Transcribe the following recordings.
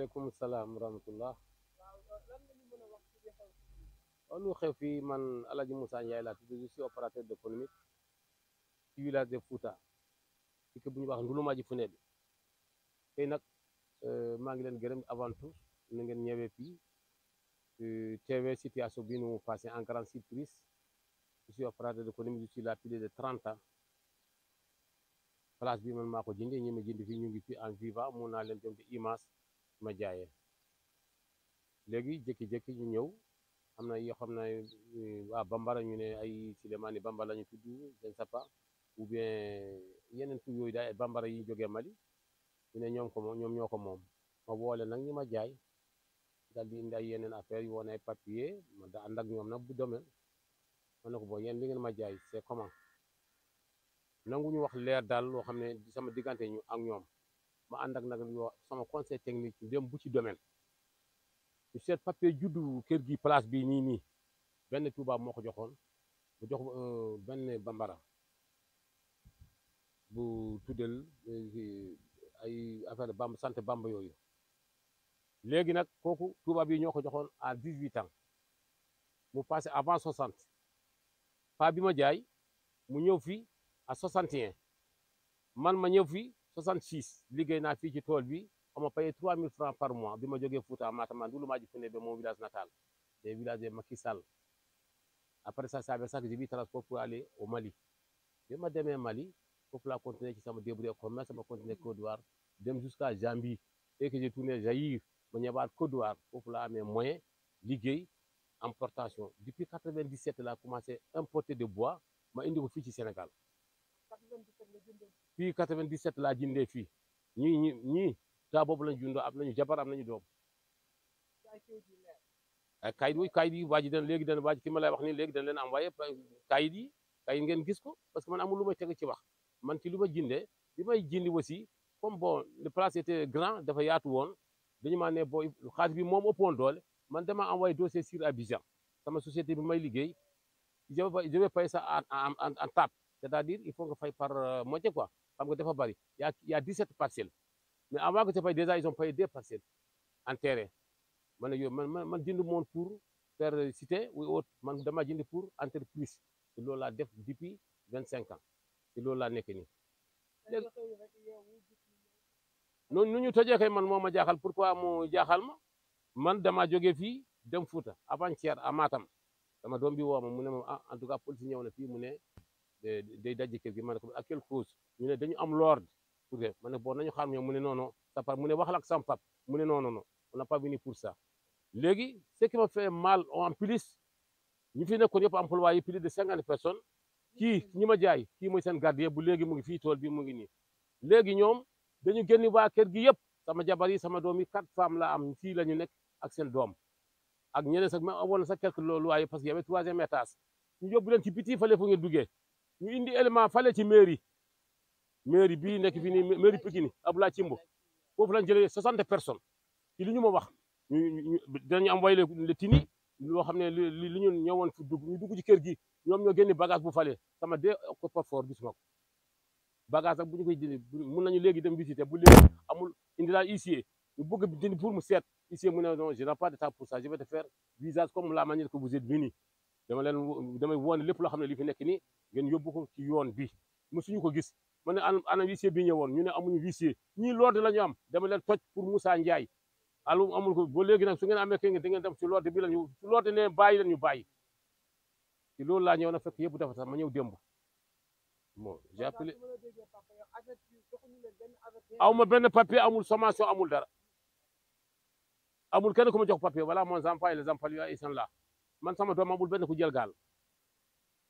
waaleykum salaam wa rahmatullah waaw lu xew fii man Alaji Moussa Ndiaye laa tudd je suis opérateur d' économique ci village de Fouta ci bu ñu wax Ndouloumadji Fune bi tey nag euh, maa ngi leen gërëm avant tout na ngeen ñëwee fii euh, teewee situation bi nu passé en grande surprise je suis opérateur d' économie je suis de trente ans place bi man maa ko jëndee ñi ma jënd ñu ngi fi en vivant mun naa leen jënd image ma jaaye léegi jékki-jékki ñu ñëw am na yoo xam ne euh, waa bambara ñu ne ay Souleymane bambara lañu tudd je ne sais pas ou bien yeneen tur yooyu daal bambara yi jógee Mali ñu ne ñoom ñoo ko moom ma woole nag ñi ma jaay dal di indi yeneen affaire yi woon ay papier ma da ak ñoom nag bu domaine ma na ko boo yéen li ngeen ma jaay c'est comment nangu ñu wax leer daal loo xam ne sama diggante ñu ak ñoom Je suis conseil technique bu ci domaine ci papier juddu kergi place bi ni ni ben tubaab moko joxone euh, venu bambara bu tudel euh, ay affaire bamb sante bamb yoyu nak koku à 18 ans mu passé avant 60. à 61. 66 liggéey naa fii ci tool bi on m'a payé 3000 francs par mois bi ma jógee Fouta Matam Ndoulou Madji dans mon village natal des villages de Macky après ça ça avec ça que j'ai vu transport pour aller au Mali bi ma demee Mali pour la continuer ci sama débrouille commerce sama continuer Côte d'Ivoire dem jusqu'à Zambie et que j'ai tourné Zaïre ma ñëwaat Côte d'Ivoire la laa amee moyen importation depuis 97 là commencé importer de bois ma indi ko fi ci Sénégal fii 97 laa jëndee fii ñii ñi ñii taa boobu lañ jundoo am nañu jabar am nañu doom ay ah, kayit wu kayit yi waa ji dana léegi dana waa ji ki ma lay wax nii léegi dana leen envoyé kayit yi kayit ngeen gis ko parce que man amul lu may teg ci wax man ci lu ma jëndee li may jëndi aussi comme bon le place était grand dafa yaatu woon dañu maa ne boo xaalis bi moom ëppoon dool man dama envoyé dossier sur Abidjan sama société bi may liggéey je vais payer ça en c'est-à-dire il faut nga fay par euh, moitié quoi xam nga dafa bari y' a y' a 17 parcelles mais avant que tu fay déjà ils ont payé deux parcelles en terrain man yo man man man jënd pour faire euh, cité ou autre man dama jënd pour entreprise ci loolu def depuis 25 ans c'est lola nek ni non léegi noonu nu kay man moma jaxal pourquoi mo jaxal ma man dama jógee fi dem Fouta avant-hier à Matam dama dombi bi woo ma mu ah, en tout cas police ñëw na fii mu day dajji kër gi ma ne ko à quelle cause ñu ne dañu am l'ordre pour ma ne bon nañu xaar ñoom mu ne non non sa pap mu ne waxal ak sam mu ne non non non on n'a pas venu pour ça léegi ce qui m'a fait mal en plus ñu fi nekkoon yëpp employé yi plus de cinquante personnes kii hmm. ñu ma jaay kii mooy seen gardien bu léegi mu ngi fii tool bi mu ngi nii léegi ñoom dañu ni waa kër gi yëpp sama jabar yi sama doom yi quatre femmes la am fii la ñu nekk ak seen doom ak ñeneen sax ma amoon na sax quelques loolu waaye parce que y avait troisième étage leen ci biti fale fu ngeen duggee ñu indi élément falé ci mairie mairie bi nek fi ni mairie pikini abula timbo, fofu lañ jëlé 60 personnes ci li ñu ma wax ñu dañu am waylé le tini loo xam ne li li ñu ñëwoon fi dugg ñu dugg ci kër gi ñom ñoo génne bagage bu falé sama dé ko fort gisuma ko bagage ak buñu koy jënd mun nañu léegi dem visiter bu léegi amul indi daal huissier ñu bëgg jënd pour mu seet ici mu ne non je n'ai pas de temps pour ça je vais te faire visage comme la manière que vous êtes venu dama leen damay woon lépp loo xam ne li fi nekk nii ngeen yóbbu ko ci yoon bi mosuñu ko gis ma ne ana ana huissier bi ñëwoon ñu ne amuñu huissier ñi l'ordre la ñu am dama leen toj pour Moussa Ndiaye alum amul ko ba léegi nag su ngeen amee kii da ngeen dem ci l'ordre bi la ñu su l'ordre ne bàyyi leen ñu bàyyi ci loolu laa ñëw na fekk yëpp dafa sax ma ñëw démb bon aw ma benn papier amul sommation amul dara amul kenn ku ma jox papier voilà mon enfant et les enfants lui la man sama doom amul benn ku jël gaal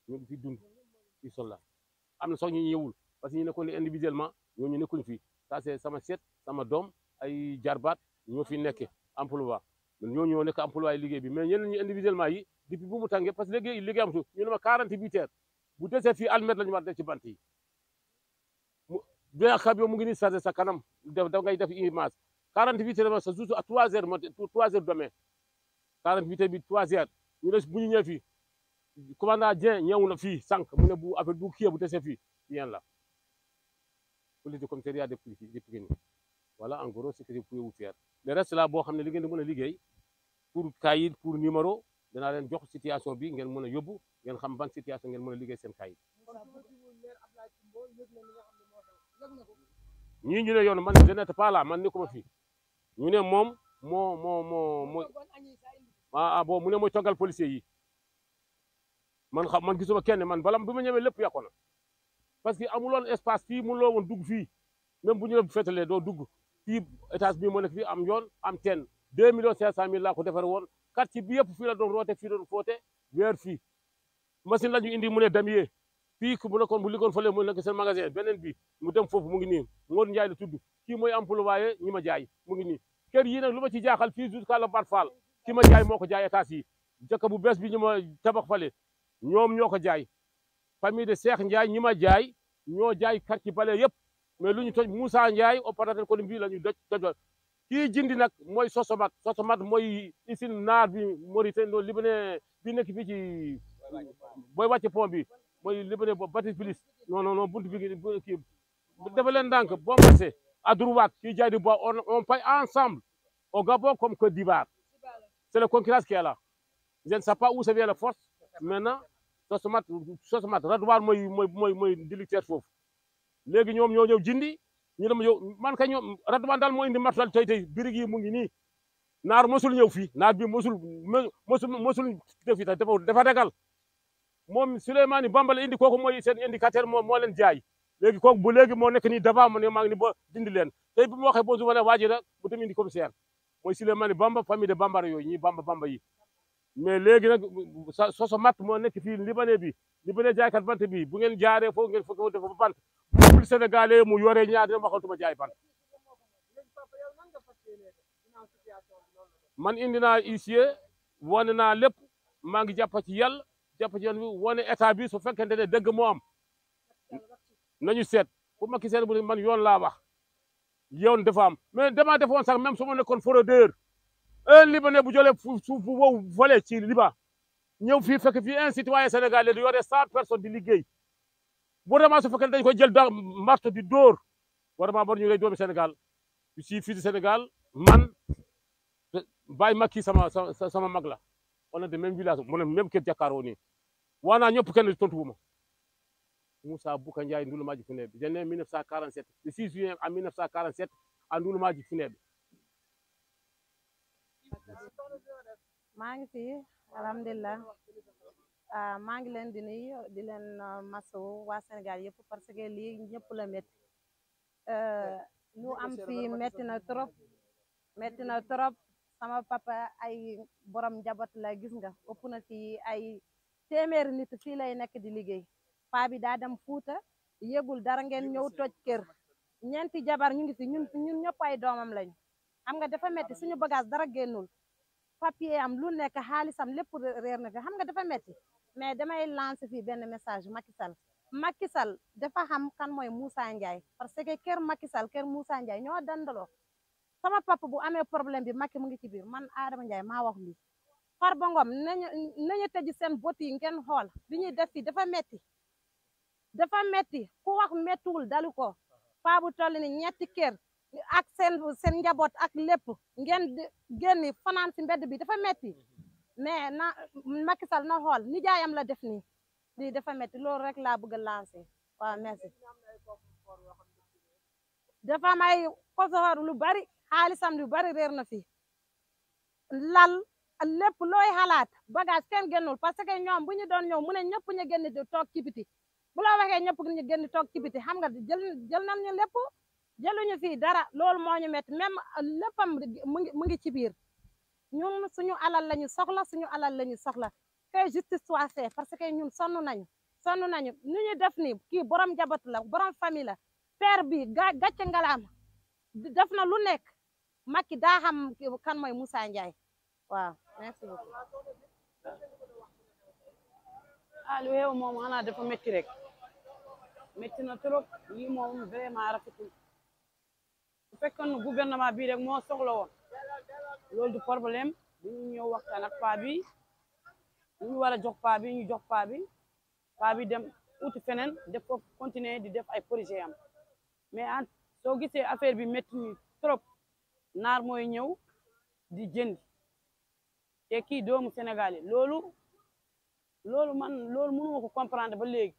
ñu ngi fi dund fii sol la am na sax ñu ñëwul parce que ñu nekkoon individuellement ñooñu nekkuñ fi ça c'est sama seet sama doom ay jarbaat ñoo fi nekk emploi ñoo ñoo nekk emploi liggéey bi mais ñeneen ñu individuellement yi depuis bu mu tàngee parce que léegi liggéey amatu ñu ne ma 48 heures bu desee fii almet la ñu war def ci bant yi mu xam yow mu ngi ni chargé sa kanam def da ngay def image 48 heures sa juste à 3 heures matin 3 heures demain 48 heures bi 3 heures ñu des bu ñu ñëwee fii commandant Dieng ñëw na fii sànq mu ne bu affaire bu kii bu desee fii yéen la police de commissariat de Pikine voilà en gros ce que je pouvais vous faire le reste là boo xam ne li ngeen di mën a liggéey pour kayit pour numéro danaa leen jox situation bi ngeen mën a yóbbu ngeen ban situation ngeen mën liggéey seen kayit ñii ñu ne yoon man je n'étais pas là man nekkuma fii ñu ne moom moo moo moo ah ah bon mu ne mooy tongal policier yi man xam man gisuma kenn man bala bi ma ñëwee lépp yàqu na parce que amuloon espace fii mënuloo woon dugg fii même bu ñu la fetalee doo dugg fii étage bii moo nekk fii am yoon am teen deux millions cinq cent mille laa ko defar woon quartier bi yëpp fii la doon roote fii doon foote weer fii machine la ñu indi mu ne damier fii ku mu nekkoon bu liggoon fële mu nekk seen magasin beneen bi mu dem foofu mu ngi nii Ngor Njaay la tudd kii mooy employé ñi ma jaay mu ngi nii kër lu ma ci jaaxal fii jusqu'à la ki ma jaay moo ko jaay étage yi jëkk bu bees bi ñu ma tabax fale ñoom ñoo ko jaay famille de Cheikh Ndiaye ñi ma jaay ñoo jaay quartier bale yëpp mais lu ñu toj Moussa Ndiaye opérateur économique bi la ñu doj doj kii jindi nag mooy Sosomat Sosomat mooy usine naar bi Mauritanie loolu libanais bi nekk fii ci booy wàcce pont bi mooy libanais boobu Baptiste Bilis non non non buntu bi kii dafa leen ndànk bo marché à Dourwaat kii jaay di bois on on paye ensemble au Gabon comme Côte d'Ivoire C'est la concurrence qui est là. Je ne sais pas où ça vient la force. Maintenant, Sosomat, Sosomat, Radouane mooy mooy mooy mooy délicteur foofu léegi ñoom ñoo ñëw jindi ñu dem yow man ka ñoom Radouane daal moo indi martal tey tey birig yi mu ngi nii naar mosul ñëw fii naar bi mosul mosul mosul def fii dafa dafa ragal moom Souleymane Bambala indi kooku mooy seen indicateur moo moo leen jaay léegi kooku bu léegi moo nekk nii dafa ma ne maa ni ba dindi len tey bi mu waxee boo su ma ne waajee bu dem indi commissaire mooy Souleymane Bamba famille de Bambara yooyu ñuy Bamba Bamba yi mais léegi nag soso mat moo nekk fii libanais bi libanais jaaykat bant bi bu ngeen jaaree foofu ngeen fekk dafa bant peuple sénégalais mu yoree jaay bant man indi naa huissier wane naa lépp maa ngi jàpp ci yàlla jàpp ci yàlla bi wane état bi su fekkente ne dëgg moo am nañu seet bu ma ki seet man yoon laa wax a dafa femmes, mais demain, même ça, même su ma nekkoon fraudeur un libanais bu jëlee suuf voler le volé ci liba ñëw fait un citoyen sénégalais y yore cent personnes di Vous avez vraiment su fekkee dañ jël vraiment bor ñu Sénégal Ici, si fils du Sénégal man Baye Macky sama magla. mag la on est de même village on même kër jàkkaaroo kenn tontu Moussa Bouka Ndiaye Ndouloumaji Founébé janvier 1947 le 6 juillet en 1947 à Ndouloumaji Founébé. maa ngi fi alhamdulilah ah, maa ngi leen di nuyu di leen ah, masawu waa senegal yëpp parce que lii ñëpp la métti ah, lu am fii métti na trop métti na trop sama papa ay borom njaboot la gis nga ëpp na fii ay téeméeri nit fii lay nekk di liggéey. paa bi daa dem fuuta yëgul dara ngeen ñëw tooj kër ñeenti jabar ñu ngi fi ñun ñun ñëpp ay doomam lañu xam nga dafa metti suñu bagage dara génnul papier am lu nekk xaalisam lépp réer na fi xam nga dafa metti mais damay lancer fii benn message Macky Sall Macky Sall dafa xam kan mooy Moussa Ndiaye parce que kër Macky Sall kër Moussa ñoo dandaloo sama papa bu amee problème bi Macky mu ngi ci biir man Adama Ndiaye maa wax lii Farba Ngom nañu nañu tëj seen bot yi ngeen xool li ñuy def dafa metti dafa metti ku wax mettiwul dalu ko faa bu toll ni ñetti kër ak sen seen njaboot ak lépp ngeen génni fanaan si mbedd bi dafa metti mais na Macky Sall na xool nijaayam la def nii lii dafa metti loolu rek laa bëgg a lancer waaw merci dafa am lu bari xaalisam lu bari réer na fi lal lépp looy xalaat bagage kenn génnul parce que ñoom bu ñu doon ñëw mu ne ñëpp ñu génn di toog ci biti bu la waxee ñëpp ñu génn toog ci biti xam nga jël jël nañ ñu lépp jëluñu fii dara lool moo ñu métti même léppam mu ngi mu ngi ci biir ñun suñu alal la ñu soxla suñu alal la ñu soxla que justice soit faite parce que ñun sonn nañu sonn nañu nu ñu def nii kii borom jabat la borom famille la père bi ga gàcce ngalaam def na lu nekk Macky daa xam kan mooy Moussa Ndiaye waaw merci beaucoup ah lu xew moom xanaa dafa métti rek metti na trop lii moom vraiment rafetul bu fekkoon gouvernement bi rek moo soxla woon loolu di problème dañu ñëw waxtaan ak paa bi ñu war a jox paa bi ñu jox paa bi paa bi dem uti feneen def ko continuer di def ay projet am mais en soo gisee affaire bi métti ñu trop naar mooy ñëw di jënd te kii doomu Sénégal loolu loolu man loolu mënu ma comprendre ba léegi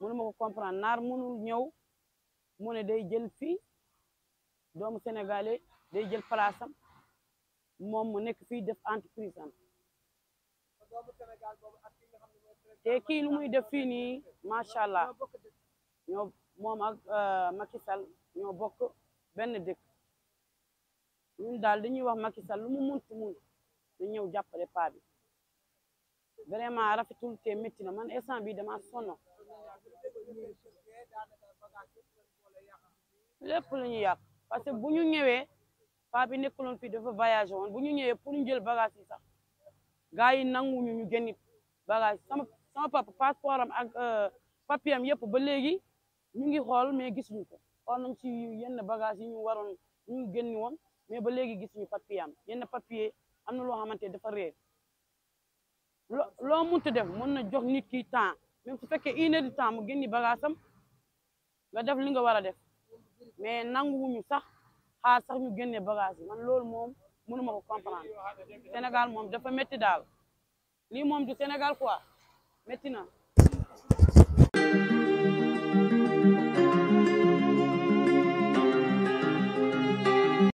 mënu ma comprendre naar mënul ñëw mu ne day jël fii doomu sénégalais day jël place am moom mu nekk fii def entreprise am te kii lu muy def fii nii macha allah ñoo moom ak euh, Macky Sall ñoo bokk benn dëkk ñun daal dañuy wax Macky Sall lu mu munti mun dañ ñëw jàppale paa bi vraiment rafetul te métti na man instant bi dama sonn lépp la ñu yàq parce que bu ñu ñëwee paa bi nekkuloon fii dafa voyagé woon bu ñu ñëwee pour ñu jël bagage yi sax gars yi nanguñu ñu génni bagage sama sama papa passeport am ak euh, papier am yëpp ba léegi ñu ngi xool mais gisuñu ko kon nañ ci yenn bagage yi ñu waroon ñu génni woon mais ba léegi gisuñu papier am yenn papier am na loo xamante dafa réer loo loo mënta def mën na jox nit ki temps même fekkee une heure mu génni bagaasam nga def li nga war a def mais nanguwuñu sax xaar sax ñu génne bagage yi man loolu moom mënuma ko comprendre Sénégal moom dafa métti daal lii moom du Sénégal quoi métti na